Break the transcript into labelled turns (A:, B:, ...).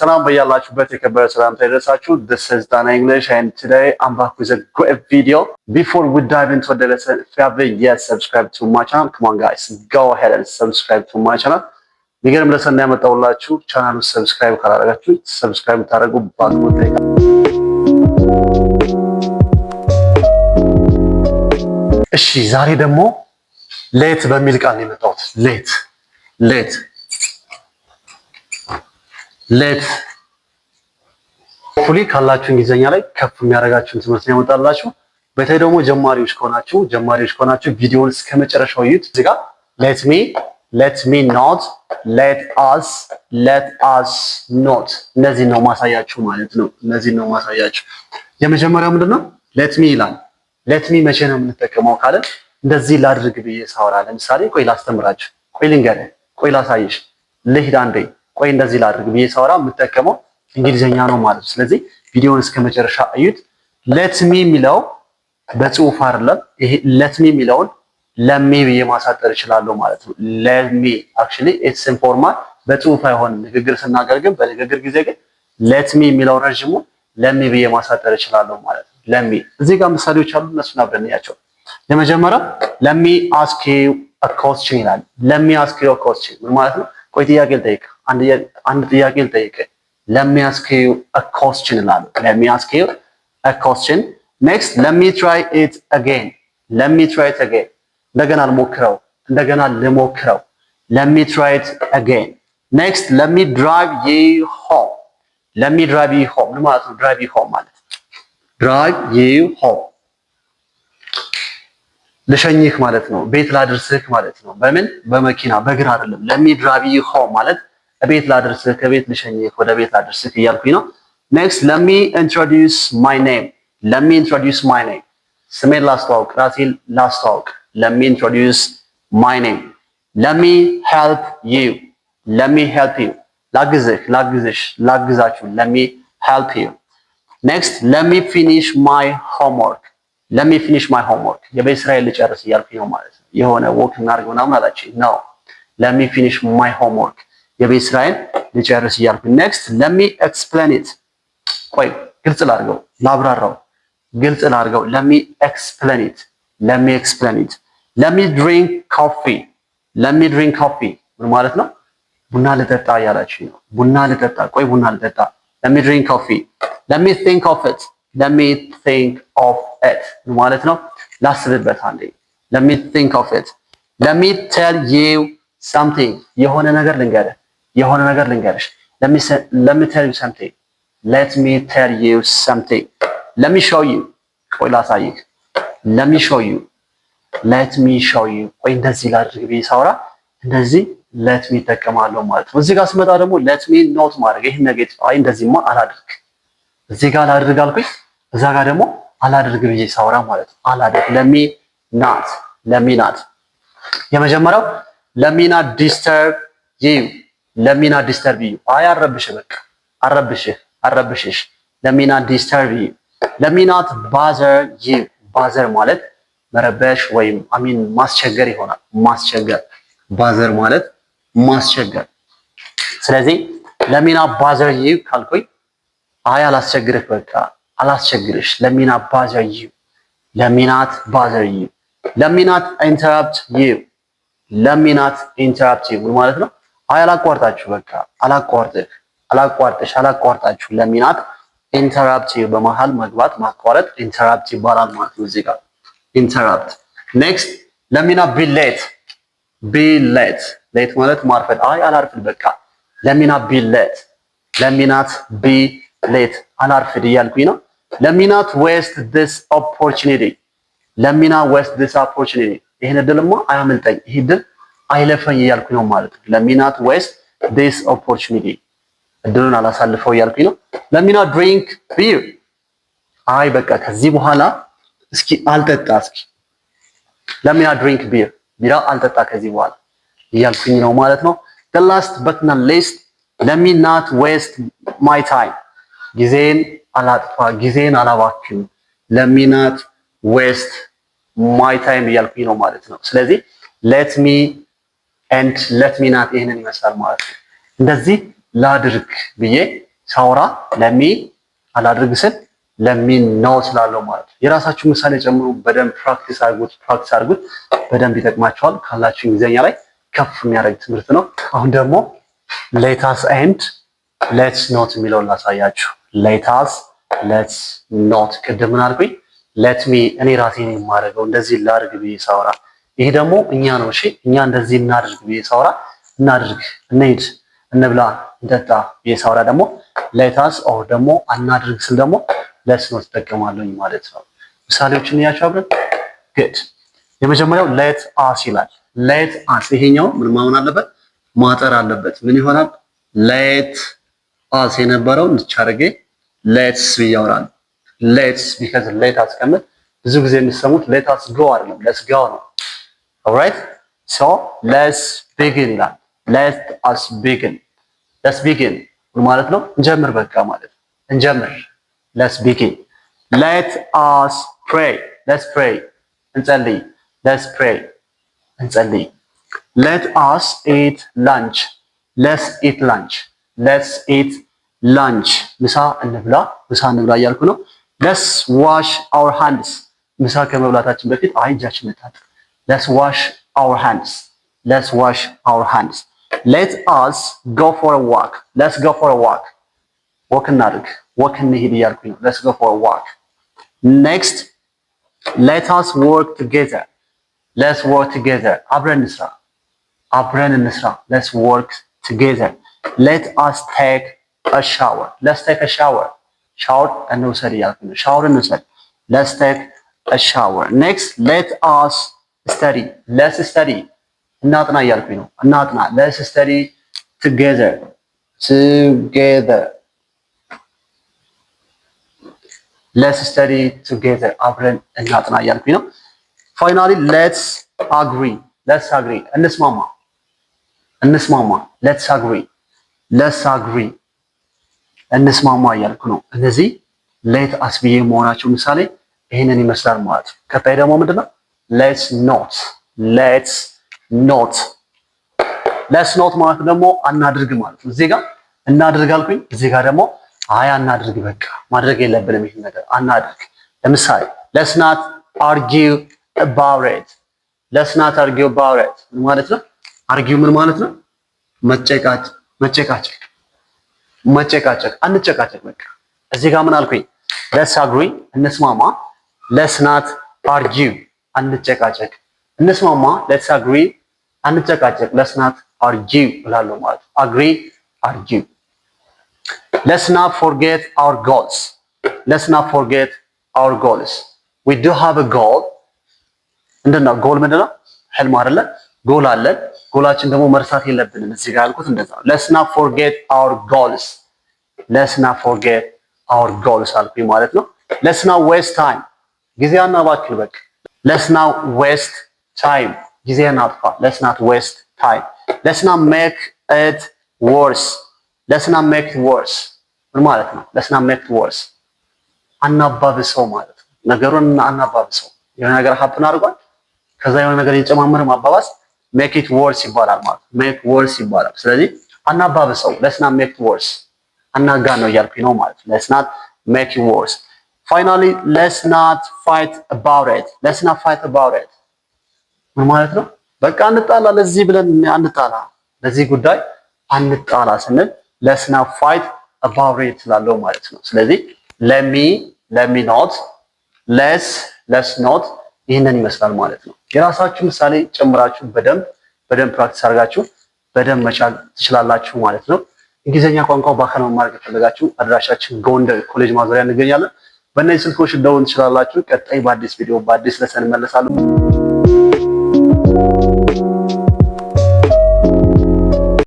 A: ሰላም በያላችሁበት የከበረ ሰላምታ ይድረሳችሁ። this is Dana English and today I'm back with a great video. Before we dive into the lesson, if you haven't yet subscribed to my channel, come on guys, go ahead and subscribe to my channel. ሚገርም ለሰን እንዳያመጣውላችሁ ቻናሉ ሰብስክራይብ ካላደረጋችሁ ሰብስክራይብ ታደርጉ ባትሞት ጠይቃ እሺ፣ ዛሬ ደግሞ ሌት በሚል ቃል ነው የመጣሁት ሌት ሌት ሌት ሁሌ ካላችሁ እንግሊዝኛ ላይ ከፍ የሚያደርጋችሁን ትምህርት ያመጣላችሁ። በተለይ ደግሞ ጀማሪዎች ከሆናችሁ ጀማሪዎች ከሆናችሁ ቪዲዮውን እስከ መጨረሻው እዩት። እዚህ ጋር ሌት ሚ ሌት ሚ ኖት ሌት አስ ሌት አስ ኖት እነዚህን ነው ማሳያችሁ ማለት ነው። እነዚህን ነው ማሳያችሁ። የመጀመሪያው ምንድን ነው ሌት ሚ ይላል። ሌት ሚ መቼ ነው የምንጠቀመው ካለ እንደዚህ ላድርግ ብዬ ሳወራ፣ ለምሳሌ ቆይ ላስተምራችሁ፣ ቆይ ልንገርህ፣ ቆይ ላሳይሽ፣ ልሂድ አንዴ ቆይ እንደዚህ ላድርግ ብዬ ሳወራ የምጠቀመው እንግሊዝኛ ነው ማለት ነው። ስለዚህ ቪዲዮውን እስከ መጨረሻ እዩት። ለትሚ የሚለው በጽሁፍ አይደለም። ይሄ ለትሚ የሚለውን ለሜ ብዬ ማሳጠር እችላለሁ ማለት ነው። ለሜ አክቹሊ ኢትስ ኢንፎርማል በጽሁፍ አይሆንም። ንግግር ስናገር ግን በንግግር ጊዜ ግን ለትሚ የሚለው ረዥሙ ለሜ ብዬ ማሳጠር እችላለሁ ማለት ነው። ለሚ እዚህ ጋር ምሳሌዎች አሉ። እነሱን አብረን እናያቸው። ለመጀመሪያው ለሚ አስኪ አኮስችን ይላል። ለሚ አስኪ አኮስችን ምን ማለት ነው? ቆይ ጥያቄ ልጠይቅ። አንድ ጥያቄ ልጠይቅ። ለሚያስኬው ኮስችን ላሉ ለሚያስኬው ኮስችን ኔክስት ለሚ ትራይ ኢት አጌን ለሚ ትራይ ኢት አጌን እንደገና ልሞክረው እንደገና ልሞክረው ለሚ ትራይ ኢት አጌን ኔክስት ለሚ ድራይቭ ዩ ሆም ለሚ ድራይቭ ዩ ሆም ምን ማለት ነው? ድራይቭ ዩ ሆም ማለት ድራይቭ ዩ ሆም ልሸኝህ ማለት ነው። ቤት ላድርስህ ማለት ነው። በምን በመኪና በእግር አይደለም። ለሚ ድራይቭ ዩ ሆም ማለት እቤት ላድርስህ፣ ከቤት ልሸኝህ፣ ወደ ቤት ላድርስህ እያልኩኝ ነው። ኔክስት ለሚ ኢንትሮዲዩስ ማይ ኔም፣ ለሚ ኢንትሮዲዩስ ማይ ኔም፣ ስሜን ላስተዋውቅ፣ ራሴን ላስተዋውቅ። ለሚ ኢንትሮዲዩስ ማይ ኔም። ለሚ ሄልፕ ዩ፣ ለሚ ሄልፕ ዩ፣ ላግዝህ፣ ላግዝሽ፣ ላግዛችሁ። ለሚ ሄልፕ ዩ። ኔክስት ለሚ ፊኒሽ ማይ ሆምወርክ፣ ለሚ ፊኒሽ ማይ ሆምወርክ፣ የቤት ስራዬን ልጨርስ እያልኩኝ ነው ማለት ነው። የሆነ ወክ እናድርግ ምናምን አላችኝ ነው። ለሚ ፊኒሽ ማይ ሆምወርክ የቤት ስራዬን ልጨርስ እያልኩ ኔክስት ለሚ ኤክስፕሌን ኢት። ቆይ ግልጽ ላድርገው፣ ላብራራው፣ ግልጽ ላድርገው። ለሚ ኤክስፕሌን ኢት፣ ለሚ ኤክስፕሌን ኢት። ለሚ ድሪንክ ኮፊ፣ ለሚ ድሪንክ ኮፊ ምን ማለት ነው? ቡና ልጠጣ እያላችሁ ነው። ቡና ልጠጣ፣ ቆይ ቡና ልጠጣ። ለሚ ድሪንክ ኮፊ። ለሚ ቲንክ ኦፍ ኢት፣ ለሚ ቲንክ ኦፍ ኢት ምን ማለት ነው? ላስብበት አንዴ። ለሚ ቲንክ ኦፍ ኢት። ለሚ ቴል ዩ ሳምቲንግ፣ የሆነ ነገር ልንገርህ የሆነ ነገር ልንገርሽ። ለሚተል ሰምቴ ሌት ሚ ቴል ዩ ሰምቴ ሰምቲንግ ለሚሾዩ ቆይ ላሳይህ። ለሚሾዩ ሌት ሚ ሾው ዩ ቆይ እንደዚህ ላድርግ ብዬ ሳውራ እንደዚህ ሌት ሚ እጠቀማለሁ ማለት ነው። እዚህ ጋር ስመጣ ደግሞ ሌት ሚ ኖት ማድረግ ይሄን ኔጌቲቭ፣ አይ እንደዚህማ አላድርግ፣ እዚህ ጋር አላድርግ አልኩኝ፣ እዛ ጋር ደግሞ አላድርግ ብዬ ሳውራ ማለት ነው። አላድርግ ለሚ ናት ለሚ ናት የመጀመሪያው ለሚ ናት ዲስተርብ ዩ ለሚና ዲስተርብ ዩ አይ አረብሽ በቃ አረብሽ አረብሽሽ ለሚና ዲስተርብ ዩ ለሚናት ባዘር ዩ ባዘር ማለት መረበሽ ወይም አሚን ማስቸገር ይሆናል። ማስቸገር ባዘር ማለት ማስቸገር። ስለዚህ ለሚና ባዘር ዩ ካልኩኝ አይ አላስቸግርህ በቃ አላስቸግርሽ ለሚና ባዘር ዩ ለሚናት ባዘር ዩ ለሚናት ኢንተራፕት ዩ ለሚናት ኢንተራፕት ዩ ማለት ነው አይ አላቋርጣችሁ፣ በቃ አላቋርጥ አላቋርጥሽ አላቋርጣችሁ ለሚናት ኢንተራፕቲቭ በመሃል መግባት ማቋረጥ ኢንተራፕት ይባላል ማለት ነው። እዚህ ጋር ኢንተራፕት። ኔክስት ለሚና ቢ ሌት ቢ ሌት ሌት ማለት ማርፈድ። አይ አላርፍድ በቃ ለሚና ቢ ሌት ለሚናት ቢ ሌት አላርፍድ እያልኩኝ ነው። ለሚናት ዌስት ዲስ ኦፖርቹኒቲ ለሚና ዌስት ዲስ ኦፖርቹኒቲ ይሄን እድልማ አያመልጠኝ ይሄ እድል አይለፈኝ እያልኩ ነው ማለት ነው። ለሚናት ዌስት ዲስ ኦፖርቹኒቲ እድሉን አላሳልፈው እያልኩኝ ነው። ለሚናት ድሪንክ ቢር አይ በቃ ከዚህ በኋላ እስኪ አልጠጣ እስኪ ለሚና ድሪንክ ቢር ቢራ አልጠጣ ከዚህ በኋላ እያልኩኝ ነው ማለት ነው። the last but not least let me not waste ጊዜን አላጥፋ ጊዜን አላባክም let ዌስት not waste እያልኩኝ ነው ማለት ነው። ስለዚህ let me ኤንድ ለት ናት ይህንን ይመስላል ማለት ነው። እንደዚህ ላድርግ ብዬ ሳውራ ለሚ አላድርግ ስል ለሚን ነው ስላለው ማለት ነው። የራሳችሁ ምሳሌ ጨምሩ። በደንብ ፕራክቲስ አድርጉት፣ ፕራክቲስ አድርጉት። በደንብ ይጠቅማቸዋል ካላችሁ እንግሊዝኛ ላይ ከፍ የሚያደርግ ትምህርት ነው። አሁን ደግሞ ሌታስ ኤንድ ሌትስ ኖት የሚለውን ላሳያችሁ። ሌታስ ሌትስ ኖት ቅድምን አልኩኝ። ሌት ሚ እኔ ራሴን የማደርገው እንደዚህ ላድርግ ብዬ ሳውራ ይሄ ደግሞ እኛ ነው። እሺ እኛ እንደዚህ እናድርግ ብዬ ሳውራ እናድርግ፣ እንሂድ፣ እንብላ፣ እንጠጣ ብዬ ሳውራ ደግሞ ሌታስ ኦር ደግሞ አናድርግ ስል ደግሞ ለስ ነው ትጠቀማለኝ ማለት ነው። ምሳሌዎችን እያቸው አብረን ግድ የመጀመሪያው ሌት አስ ይላል። ሌት አስ ይሄኛው ምን መሆን አለበት? ማጠር አለበት። ምን ይሆናል? ሌት አስ የነበረውን ልቻረጌ ሌትስ ብያወራል። ሌትስ ቢከዝ ሌት አስቀምጥ ብዙ ጊዜ የምትሰሙት ሌት አስ ጎ አይደለም፣ ለስ ጋው ነው ኦራይት ሶ ሌትስ ቢግን ይላል። ለት አስ ቢግን ለስ ቢግን ማለት ነው እንጀምር፣ በቃ ማለት ነው እንጀምር። ለስ ቢግን ሌት አስ ፕሬይ ሌትስ ፕሬይ እንጸልይ። ሌትስ ፕሬይ እንጸልይ። ሌት አስ ኢት ላንች ሌትስ ኢት ላንች ሌትስ ኢት ላንች ምሳ እንብላ፣ ምሳ እንብላ እያልኩ ነው። ሌትስ ዋሽ አወር ሃንድስ ምሳ ከመብላታችን በፊት አይ እጃችን እንታጠብ Let's wash our hands. Let's wash our hands. let us go for a walk let's go for a walk ወክ እናድርግ walk. እንሂድ እያልኩኝ ነው። let's go for a walk next let us work together let's work together አብረን እንስራ let's work together let us take a shower let's take a shower ሻወር እንውሰድ እያልኩኝ ነው። ሻወር እንውሰድ let's take a shower next let us ስተዲ ለስ ስተዲ እናጥና እያልኩኝ ነው። እናጥና ለስ ስተዲ ቱጌዘር ቱጌዘር ለስ ስተዲ ቱጌዘር አብረን እናጥና እያልኩኝ ነው። ፋይናሊ ሌትስ አግሪ ሌትስ አግሪ እንስማማ እንስማማ ሌትስ አግሪ ሌትስ አግሪ እንስማማ እያልኩ ነው። እነዚህ ሌት አስብዬ መሆናቸው ምሳሌ ይህንን ይመስላል ማለት ነው። ከታይ ደግሞ ምንድነው ሌትስ ኖት ሌትስ ኖት ሌትስ ኖት ማለት ደግሞ አናድርግ ማለት ነው። እዚህ ጋር እናድርግ አልኩኝ፣ እዚህ ጋር ደግሞ አይ አናድርግ፣ በቃ ማድረግ የለብንም ይሄን ነገር አናድርግ። ለምሳሌ ሌትስ ናት አርጊው አባውት ሌትስ ናት አርጊው አባውት ምን ማለት ነው? አርጊው ምን ማለት ነው? መጨቃጭ መጨቃጨቅ መጨቃጨቅ አንጨቃጨቅ። በቃ እዚህ ጋር ምን አልኩኝ? ሌትስ አግሪ እንስማማ። ሌትስ ናት አርጊው አንጨቃጨቅ፣ እንስማማ፣ ሌትስ አግሪ፣ አንጨቃጨቅ፣ ለስናት አርጊው እላለሁ ማለት አግሪ አርጊው። ሌትስ ፎርጌት አወር ጎልስ፣ ሌትስ ፎርጌት አወር ጎልስ። ዊ ዱ ሃቭ አ ጎል። ምንድን ጎል? ምንድን ህልም አይደለ? ጎል አለን። ጎላችን ደግሞ መርሳት የለብንም። እዚህ ጋር ያልኩት እንደዛ ነው። ሌትስ ፎርጌት አወር ጎልስ፣ ሌትስ ፎርጌት አወር ጎልስ አልኩኝ ማለት ነው። ሌትስ ዌስት ታይም፣ ጊዜ አናባክን በቃ Let's not waste time. ጊዜን አጥፋ። Let's not waste time. Let's not make it worse. Let's not make it worse ምን ማለት ነው? Let's not make it worse አናባብሰው ማለት ነው። ነገሩን አናባብሰው። የሆነ ነገር ሀፕን አድርጓል፣ ከዛ የሆነ ነገር እየጨማመረ ማባባስ ሜክ ኢት ወርስ ይባላል ማለት ነው። ሜክ ወርስ ይባላል። ስለዚህ አናባብሰው። Let's not make it worse አናጋ ነው እያልኩኝ ነው ማለት ነው። Let's not make it worse ፋይናሊ ሌትስ ናት ፋይት አባውት ኢት ሌትስ ናት ፋይት አባውት ኢት ምን ማለት ነው? በቃ አንጣላ፣ ለዚህ ብለን አንጣላ፣ ለዚህ ጉዳይ አንጣላ ስንል ሌትስ ናት ፋይት አባውት ኢት ስላለው ማለት ነው። ስለዚህ ለሚ ለሚ ኖት ሌትስ ሌትስ ኖት ይህንን ይመስላል ማለት ነው። የራሳችሁ ምሳሌ ጨምራችሁ በደንብ በደንብ ፕራክቲስ አድርጋችሁ በደንብ መቻል ትችላላችሁ ማለት ነው። እንግሊዝኛ ቋንቋ በአካል መማር ከፈለጋችሁ አድራሻችን ጎንደር ኮሌጅ ማዞሪያ እንገኛለን። በእነዚህ ስልኮች ልደውል ትችላላችሁ። ቀጣይ በአዲስ ቪዲዮ በአዲስ ለሰን እንመለሳለን።